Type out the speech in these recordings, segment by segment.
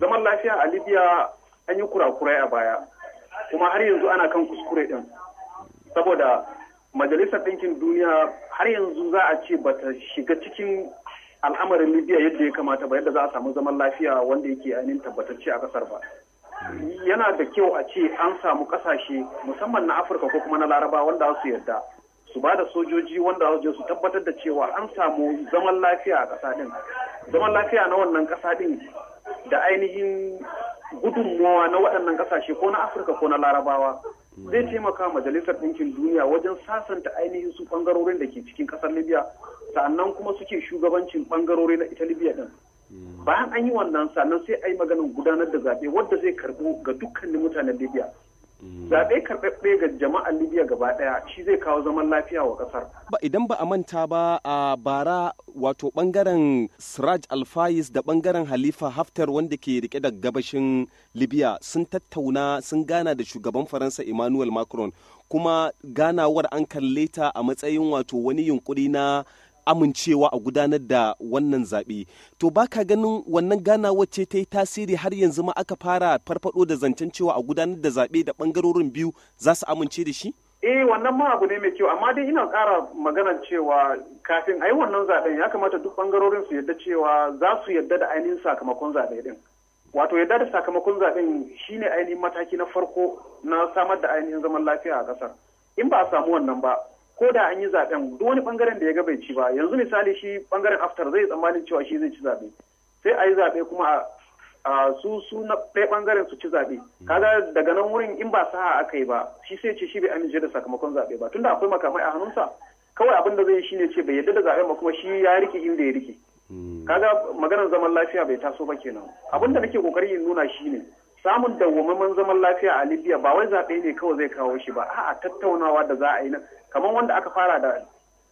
zaman lafiya a libya an yi kurakurai a baya kuma har yanzu ana kan kuskure din saboda majalisar ɗinkin duniya har yanzu za a ce bata shiga cikin al'amarin libya yadda ya kamata ba yadda za a samu zaman lafiya wanda yake ainihin tabbatacce a kasar ba yana da kyau a ce an samu kasashe musamman na afirka ko kuma na laraba wanda su yarda su ba da sojoji wanda su je su tabbatar da cewa an samu zaman lafiya a ƙasa din zaman lafiya na wannan ƙasa din da ainihin gudunmowa na waɗannan ƙasashe ko na afirka ko na larabawa zai taimaka majalisar ɗinkin duniya wajen sasanta ainihin su ɓangarorin da ke cikin ƙasar libya sannan kuma suke shugabancin ɓangarori na ita libya ɗin bayan an yi wannan sannan sai a yi maganin gudanar da zaɓe wadda zai karɓo ga dukkanin mutanen libya zaɓe karɓaɓɓe ga jama'ar libya gaba ɗaya shi zai kawo zaman lafiya wa ƙasar idan ba a manta ba a bara wato ɓangaren siraj alfayis da ɓangaren halifa haftar wanda ke rike da gabashin libya sun tattauna sun gana da shugaban faransa emmanuel macron kuma ganawar an kalle ta a matsayin wato wani yunkuri na amincewa a gudanar da wannan zaɓe to baka ganin wannan gana wacce ta yi tasiri har yanzu ma aka fara farfado da zancen cewa a gudanar da zaɓe da ɓangarorin biyu za su amince da shi eh wannan ma abu ne mai kyau amma dai ina kara maganar cewa kafin a yi wannan zaɓen ya kamata duk ɓangarorin su yadda cewa za su yadda da ainihin sakamakon zaɓe din wato yadda da sakamakon zaɓen shine ainihin mataki na farko na samar da ainihin zaman lafiya a ƙasar in ba a samu wannan ba ko da an yi zaben duk wani bangaren da ya ga bai ci ba yanzu misali shi bangaren aftar zai tsammanin cewa shi zai ci zaɓe sai a yi zaɓe kuma a su su na ɗaya bangaren su ci zaɓe kaga daga nan wurin in ba sa'a aka yi ba shi sai ce shi bai amince da sakamakon zaɓe ba tunda akwai makamai a hannunsa kawai abin da zai yi shine ce bai yadda da zaɓen ba kuma shi ya rike inda ya rike hmm. kaga maganar zaman lafiya bai taso ba kenan abin da nake kokari in nuna shine samun dawwammamin zaman lafiya a libya ba wai zaɓe ne kawai zai kawo shi ba a tattaunawa da za a yi nan kamar wanda aka fara da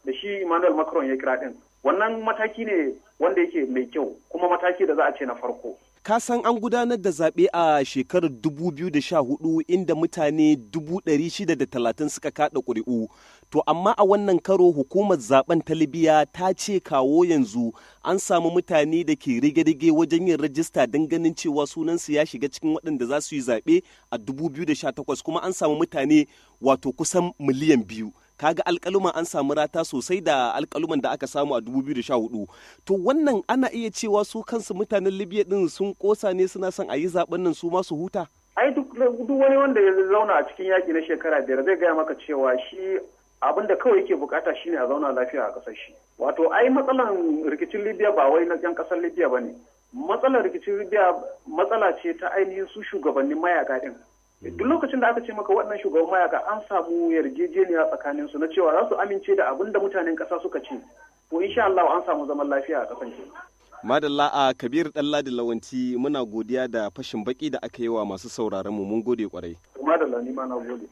da shi emmanuel macron ya kira din wannan mataki ne wanda yake mai kyau kuma mataki da za a ce na farko ka san an gudanar da zaɓe a shekarar 2014 inda mutane 630 suka kaɗa ƙuri'u to amma a wannan karo hukumar zaben ta libya ta ce kawo yanzu an samu mutane da ke rige-rige wajen yin rajista don ganin cewa sunansu ya shiga cikin waɗanda za su yi zaɓe a 2018 kuma an samu mutane wato kusan miliyan biyu kaga alkaluma an samu rata sosai da alkaluman da aka samu a 2014 to wannan ana iya cewa su kansu mutanen libya din sun kosa ne suna son a yi zaben nan su ma su huta ai duk wani wanda ya zauna a cikin yaƙi na shekara biyar zai gaya maka cewa shi abin da kawai yake bukata shine a zauna lafiya a kasar shi wato ai matsalan rikicin libya ba wai na yan kasar libya ba ne matsalar rikicin libya matsala ce ta ainihin su shugabannin mayaka din duk lokacin da aka ce maka wannan shugaban mayaka an samu yarjejeniya tsakanin su na cewa za su amince da abin da mutanen ƙasa suka ce to insha Allah an samu zaman lafiya a ƙasan ke madalla a kabir ɗanladi lawanci muna godiya da fashin baki da aka yi wa masu sauraron mu mun gode kwarai madalla ni ma na gode